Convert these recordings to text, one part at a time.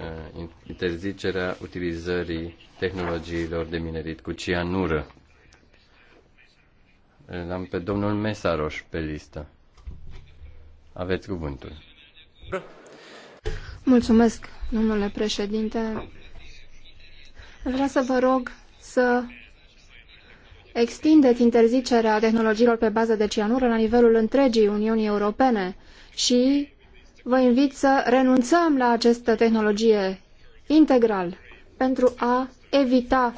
Uh, interzicerea utilizării tehnologiilor de minerit cu cianură. am pe domnul Mesaroș pe listă. Aveți cuvântul. Mulțumesc, domnule președinte. Vreau să vă rog să extindeți interzicerea tehnologiilor pe bază de cianură la nivelul întregii Uniunii Europene și vă invit să renunțăm la această tehnologie integral pentru a evita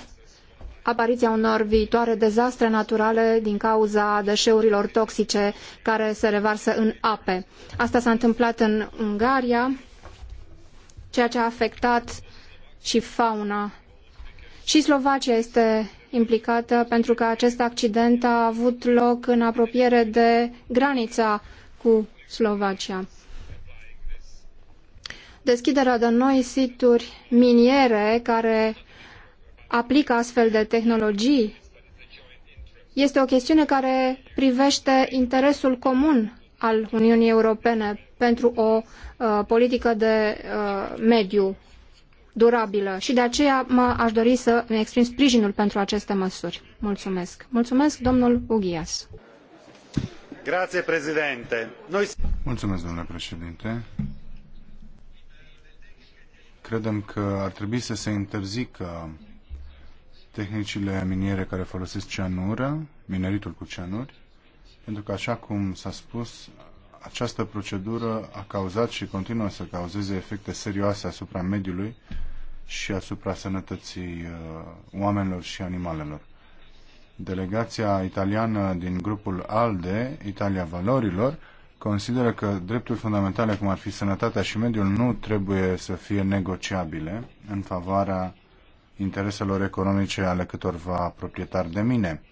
apariția unor viitoare dezastre naturale din cauza deșeurilor toxice care se revarsă în ape. Asta s-a întâmplat în Ungaria, ceea ce a afectat și fauna. Și Slovacia este implicată pentru că acest accident a avut loc în apropiere de granița cu Slovacia deschiderea de noi situri miniere care aplică astfel de tehnologii este o chestiune care privește interesul comun al Uniunii Europene pentru o uh, politică de uh, mediu durabilă și de aceea mă aș dori să îmi exprim sprijinul pentru aceste măsuri. Mulțumesc. Mulțumesc, domnul Ughias. Mulțumesc, domnule președinte credem că ar trebui să se interzică tehnicile miniere care folosesc cianură, mineritul cu cianuri, pentru că, așa cum s-a spus, această procedură a cauzat și continuă să cauzeze efecte serioase asupra mediului și asupra sănătății uh, oamenilor și animalelor. Delegația italiană din grupul ALDE, Italia Valorilor, consideră că drepturi fundamentale, cum ar fi sănătatea și mediul, nu trebuie să fie negociabile în favoarea intereselor economice ale câtorva proprietari de mine.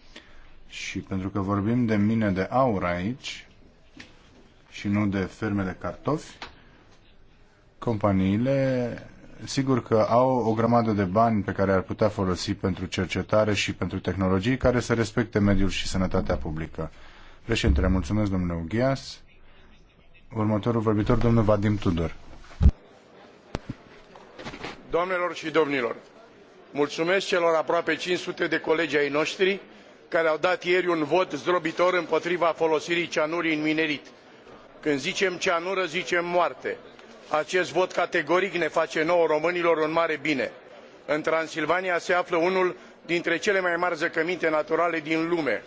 Și pentru că vorbim de mine de aur aici și nu de ferme de cartofi, companiile sigur că au o grămadă de bani pe care ar putea folosi pentru cercetare și pentru tehnologii care să respecte mediul și sănătatea publică. Președintele, mulțumesc domnule Ughias. Următorul vorbitor, domnul Vadim Tudor. Doamnelor și domnilor, mulțumesc celor aproape 500 de colegi ai noștri care au dat ieri un vot zdrobitor împotriva folosirii cianurii în minerit. Când zicem ceanură, zicem moarte. Acest vot categoric ne face nouă românilor un mare bine. În Transilvania se află unul dintre cele mai mari zăcăminte naturale din lume,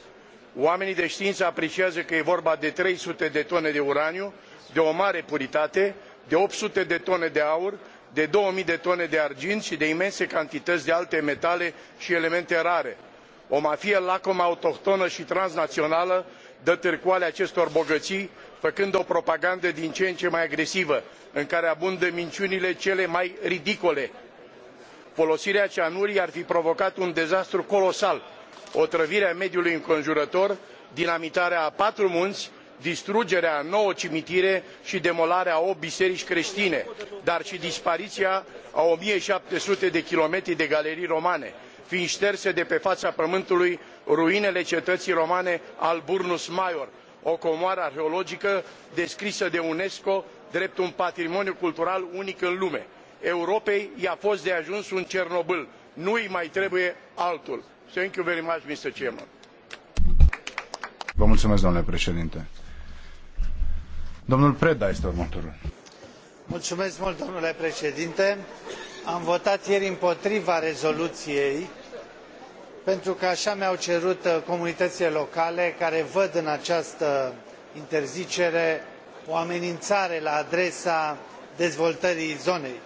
oamenii de știință apreciază că e vorba de 300 de tone de uraniu, de o mare puritate, de 800 de tone de aur, de 2000 de tone de argint și de imense cantități de alte metale și elemente rare. O mafie lacomă autohtonă și transnațională dă târcoale acestor bogății, făcând o propagandă din ce în ce mai agresivă, în care abundă minciunile cele mai ridicole. Folosirea cianurii ar fi provocat un dezastru colosal otrăvirea mediului înconjurător dinamitarea a patru munți distrugerea a nouă cimitire și demolarea a opt biserici creștine dar și dispariția a o mie șapte sute de kilometri de galerii romane fiind șterse de pe fața pământului ruinele cetății romane alburnus maior o comoară arheologică descrisă de unesco drept un patrimoniu cultural unic în lume. europei i a fost de ajuns un Cernobâl, nu i mai trebuie altul. Vă mulțumesc, domnule președinte. Domnul Preda este Mulțumesc mult, domnule președinte. Am votat ieri împotriva rezoluției pentru că așa mi-au cerut uh, comunitățile locale care văd în această interzicere o amenințare la adresa dezvoltării zonei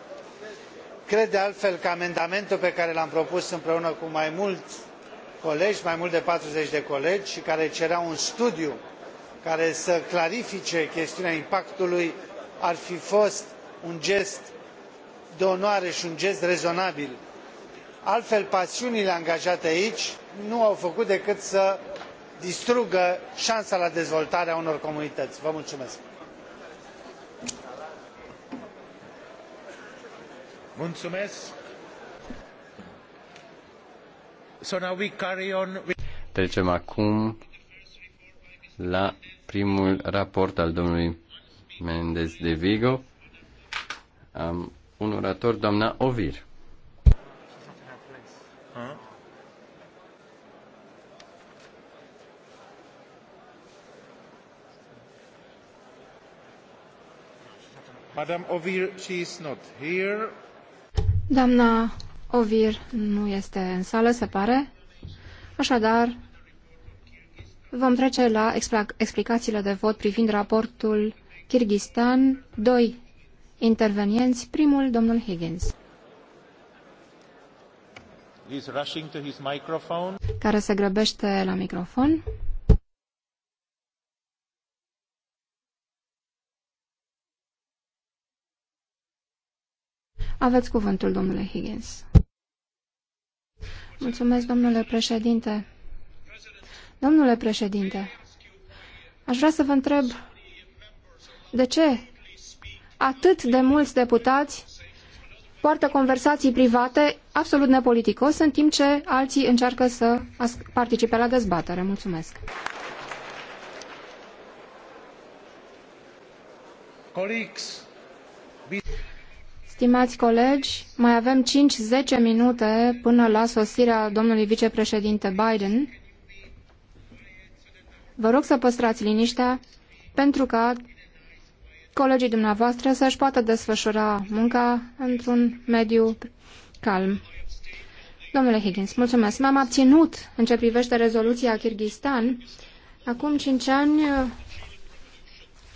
cred de altfel că amendamentul pe care l am propus împreună cu mai muli colegi mai mult de patruzeci de colegi i care cerea un studiu care să clarifice chestiunea impactului ar fi fost un gest de onoare i un gest rezonabil. altfel pasiunile angajate aici nu au făcut decât să distrugă ansa la dezvoltare a unor comunităi. vă mulumesc. Trecem acum la primul raport al domnului Mendez de Vigo. Am un orator, doamna Ovir. Madame Ovir, she is not here. Doamna Ovir nu este în sală, se pare. Așadar, vom trece la explicațiile de vot privind raportul Kirghistan. Doi intervenienți, primul domnul Higgins. Care se grăbește la microfon. Aveți cuvântul, domnule Higgins. Mulțumesc, domnule președinte. Domnule președinte, aș vrea să vă întreb de ce atât de mulți deputați poartă conversații private absolut nepoliticos, în timp ce alții încearcă să participe la dezbatere. Mulțumesc. Colegi. Stimați colegi, mai avem 5-10 minute până la sosirea domnului vicepreședinte Biden. Vă rog să păstrați liniștea pentru ca colegii dumneavoastră să-și poată desfășura munca într-un mediu calm. Domnule Higgins, mulțumesc. M-am abținut în ce privește rezoluția Kirghistan. Acum cinci ani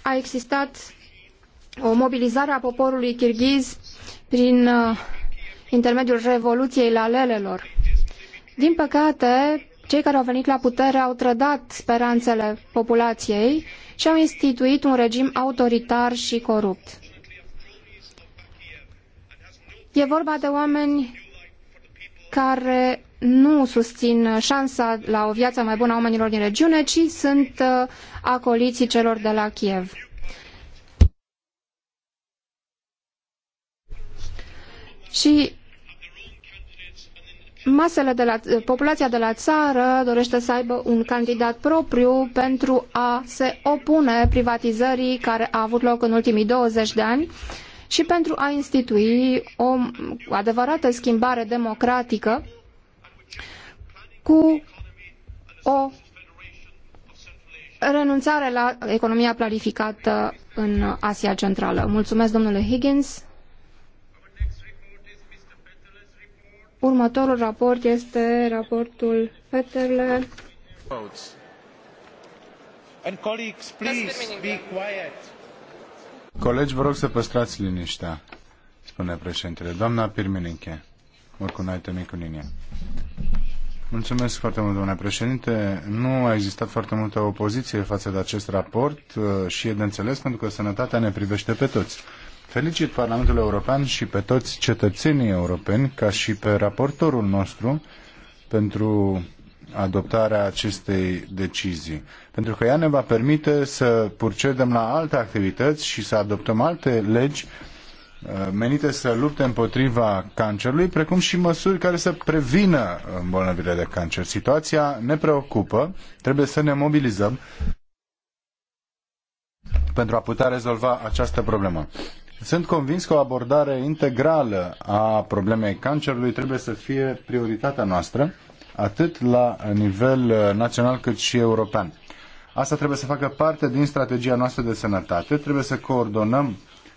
a existat o mobilizare a poporului kirghiz prin uh, intermediul revoluției lalelelor. Din păcate, cei care au venit la putere au trădat speranțele populației și au instituit un regim autoritar și corupt. E vorba de oameni care nu susțin șansa la o viață mai bună a oamenilor din regiune, ci sunt uh, acoliții celor de la Kiev. și masele de la, populația de la țară dorește să aibă un candidat propriu pentru a se opune privatizării care a avut loc în ultimii 20 de ani și pentru a institui o adevărată schimbare democratică cu o renunțare la economia planificată în Asia Centrală. Mulțumesc, domnule Higgins. Următorul raport este raportul Peterle. Colegi, vă rog să păstrați liniștea, spune președintele. Doamna Pirmininche, urcunaite micuninie. Mulțumesc foarte mult, domnule președinte. Nu a existat foarte multă opoziție față de acest raport uh, și e de înțeles pentru că sănătatea ne privește pe toți. Felicit Parlamentul European și pe toți cetățenii europeni, ca și pe raportorul nostru, pentru adoptarea acestei decizii. Pentru că ea ne va permite să procedăm la alte activități și să adoptăm alte legi uh, menite să lupte împotriva cancerului, precum și măsuri care să prevină îmbolnăvirile de cancer. Situația ne preocupă, trebuie să ne mobilizăm pentru a putea rezolva această problemă. Sunt convins că o abordare integrală a problemei cancerului trebuie să fie prioritatea noastră, atât la nivel uh, național cât și european. Asta trebuie să facă parte din strategia noastră de sănătate, trebuie să coordonăm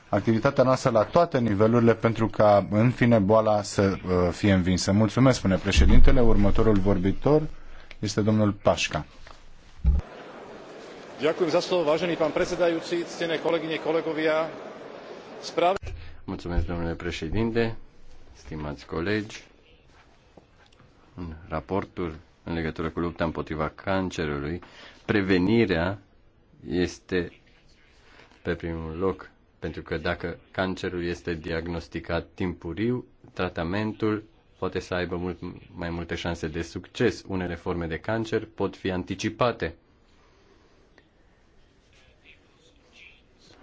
activitatea noastră la toate nivelurile pentru ca, în fine, boala să uh, fie învinsă. Mulțumesc, spune președintele. Următorul vorbitor este domnul Pașca. Ďakujem za slovo, vážený pán predsedajúci, ctené kolegyne, kolegovia. Mulțumesc, domnule președinte, stimați colegi. În raportul în legătură cu lupta împotriva cancerului, prevenirea este pe primul loc, pentru că dacă cancerul este diagnosticat timpuriu, tratamentul poate să aibă mult mai multe șanse de succes. Unele forme de cancer pot fi anticipate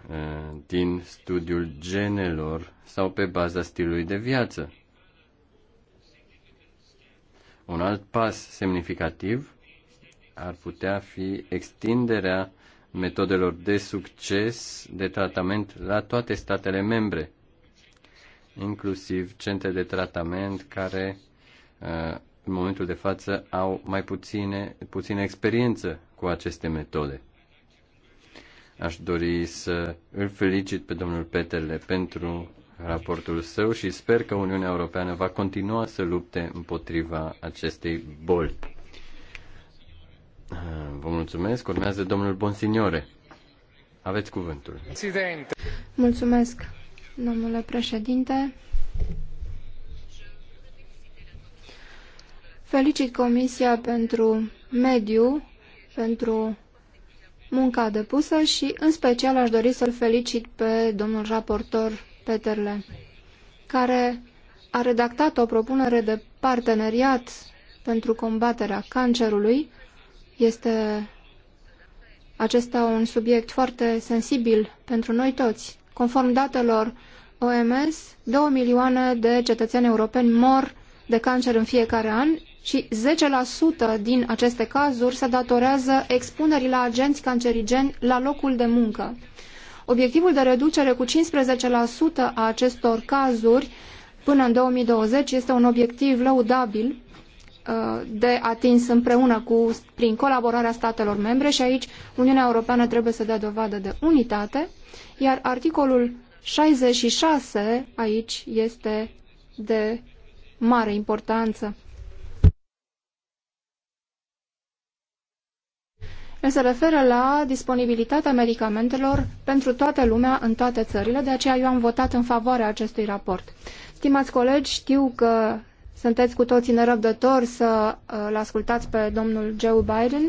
Eh, din studiul genelor sau pe baza stilului de viață. Un alt pas semnificativ ar putea fi extinderea metodelor de succes de tratament la toate statele membre, inclusiv centre de tratament care eh, în momentul de față au mai puține, puține experiență cu aceste metode. Aș dori să îl felicit pe domnul Petele pentru raportul său și sper că Uniunea Europeană va continua să lupte împotriva acestei boli. Vă mulțumesc. Urmează domnul Bonsignore. Aveți cuvântul. Presidente. Mulțumesc, domnule președinte. Felicit Comisia pentru Mediu, pentru munca depusă și, în special, aș dori să-l felicit pe domnul raportor Peterle, care a redactat o propunere de parteneriat pentru combaterea cancerului. Este acesta un subiect foarte sensibil pentru noi toți. Conform datelor OMS, 2 milioane de cetățeni europeni mor de cancer în fiecare an, și 10% din aceste cazuri se datorează expunerii la agenți cancerigeni la locul de muncă. Obiectivul de reducere cu 15% a acestor cazuri până în 2020 este un obiectiv lăudabil uh, de atins împreună cu, prin colaborarea statelor membre și aici Uniunea Europeană trebuie să dea dovadă de unitate, iar articolul 66 aici este de mare importanță. se referă la disponibilitatea medicamentelor pentru toată lumea în toate țările, de aceea eu am votat în favoarea acestui raport. Stimați colegi, știu că sunteți cu toții nerăbdători să uh, îl ascultați pe domnul Joe Biden,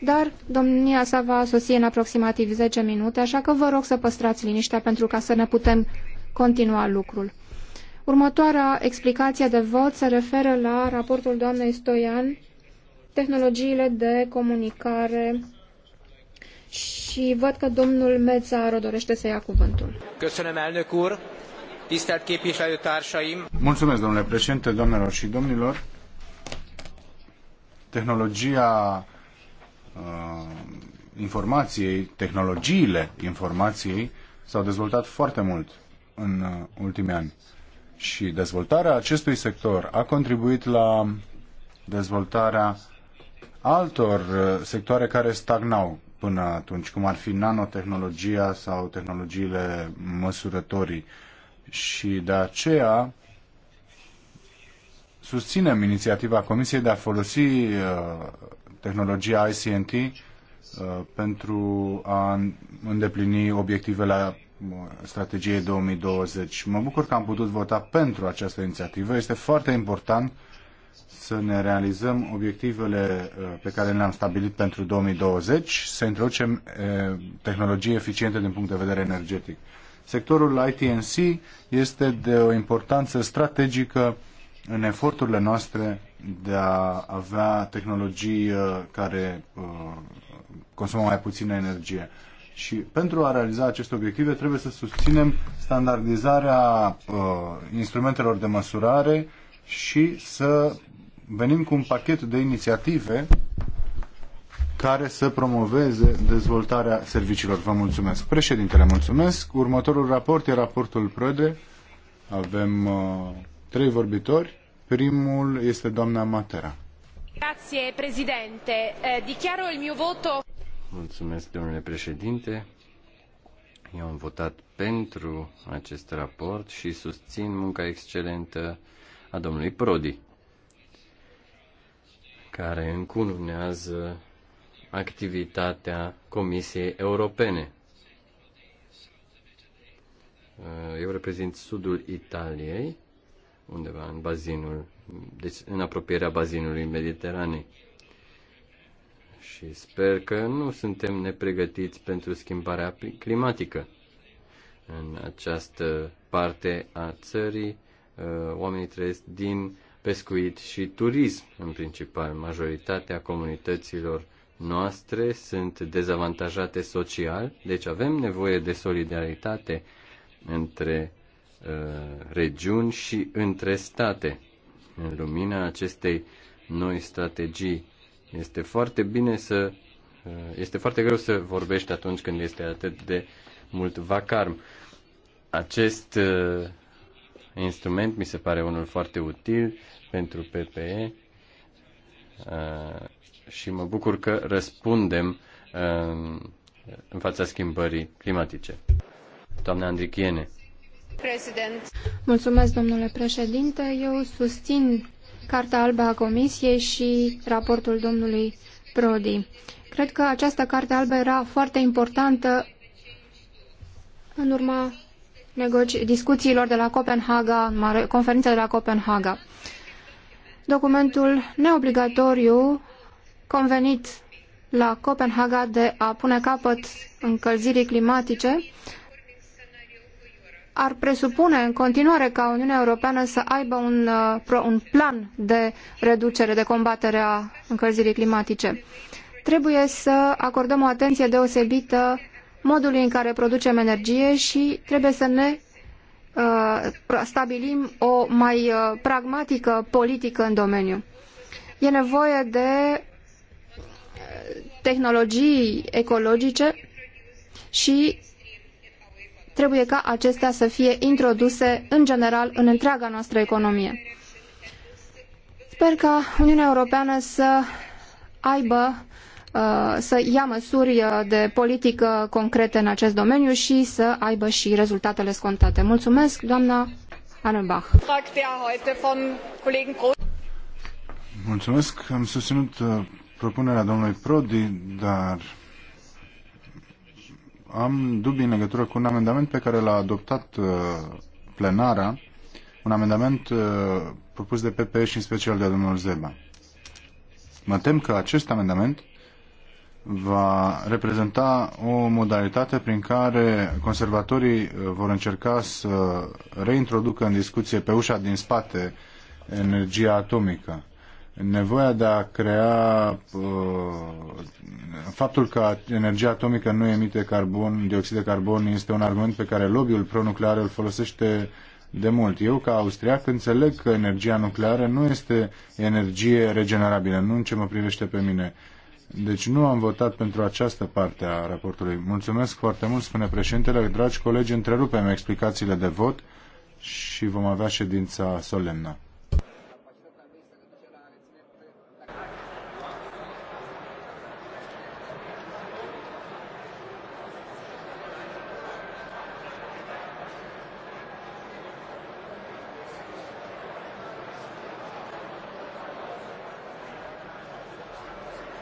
dar domnia sa va sosi în aproximativ 10 minute, așa că vă rog să păstrați liniștea pentru ca să ne putem continua lucrul. Următoarea explicație de vot se referă la raportul doamnei Stoian tehnologiile de comunicare și văd că domnul Mețaro dorește să ia cuvântul. Köszönöm, elnök úr! Tisztelt képviselőtársaim! Mulțumesc, domnule președinte, domnilor și domnilor! Tehnologia uh, informației, tehnologiile informației s-au dezvoltat foarte mult în uh, ultimii ani și dezvoltarea acestui sector a contribuit la dezvoltarea altor uh, sectoare care stagnau până atunci, cum ar fi nanotehnologia sau tehnologiile măsurătorii. Și de aceea susținem inițiativa Comisiei de a folosi uh, tehnologia ICNT uh, pentru a îndeplini obiectivele uh, strategiei 2020. Mă bucur că am putut vota pentru această inițiativă. Este foarte important să ne realizăm obiectivele uh, pe care le-am stabilit pentru 2020, să introducem uh, tehnologii eficiente din punct de vedere energetic. Sectorul ITNC este de o importanță strategică în eforturile noastre de a avea tehnologii uh, care consumă mai puțină energie. Și pentru a realiza aceste obiective trebuie să susținem standardizarea uh, instrumentelor de măsurare și să venim cu un pachet de inițiative care să promoveze dezvoltarea serviciilor. Vă mulțumesc. Președintele, mulțumesc. Următorul raport e raportul PRODE. Avem uh, trei vorbitori. Primul este doamna Matera. Grazie, președinte. Eh, dichiaro il mio voto. Mulțumesc, domnule președinte. Eu am votat pentru acest raport și susțin munca excelentă a domnului Prodi care încununează activitatea Comisiei Europene. Uh, eu reprezint sudul Italiei, undeva în bazinul, deci în apropierea bazinului Mediteranei. Și sper că nu suntem nepregătiți pentru schimbarea climatică. În această parte a țării Uh, oamenii trăiesc din pescuit și turism în principal. Majoritatea comunităților noastre sunt dezavantajate social, deci avem nevoie de solidaritate între uh, regiuni și între state. În lumina acestei noi strategii este foarte bine să uh, este foarte greu să vorbești atunci când este atât de mult vacarm. Acest uh, instrument mi se pare unul foarte util pentru PPE uh, și mă bucur că răspundem uh, în fața schimbării climatice. Doamna Andrichiene. President. Mulțumesc, domnule președinte. Eu susțin Carta Albă a Comisiei și raportul domnului Prodi. Cred că această Carte Albă era foarte importantă în urma discuțiilor de la Copenhaga, conferința de la Copenhaga. Documentul neobligatoriu convenit la Copenhaga de a pune capăt încălzirii climatice ar presupune în continuare ca Uniunea Europeană să aibă un, uh, un plan de reducere, de combatere a încălzirii climatice. Trebuie să acordăm o atenție deosebită modului în care producem energie și trebuie să ne uh, stabilim o mai uh, pragmatică politică în domeniu. E nevoie de uh, tehnologii ecologice și trebuie ca acestea să fie introduse în general în întreaga noastră economie. Sper ca Uniunea Europeană să aibă Uh, să ia măsuri uh, de politică concrete în acest domeniu și să aibă și rezultatele scontate. Mulțumesc, doamna Anenbach. Mulțumesc. Am susținut uh, propunerea domnului Prodi, dar am dubii în legătură cu un amendament pe care l-a adoptat plenara, un amendament propus de PPE și în special de domnul Zeba. Mă tem că acest amendament va reprezenta o modalitate prin care conservatorii uh, vor încerca să reintroducă în discuție pe ușa din spate energia atomică. Nevoia de a crea uh, faptul că energia atomică nu emite carbon, dioxid de carbon este un argument pe care lobby-ul pronuclear îl folosește de mult. Eu, ca austriac, înțeleg că energia nucleară nu este energie regenerabilă, nu în ce mă privește pe mine deci nu am votat pentru această parte a raportului. Mulțumesc foarte mult, spune președintele. Dragi colegi, întrerupem explicațiile de vot și vom avea ședința solemnă.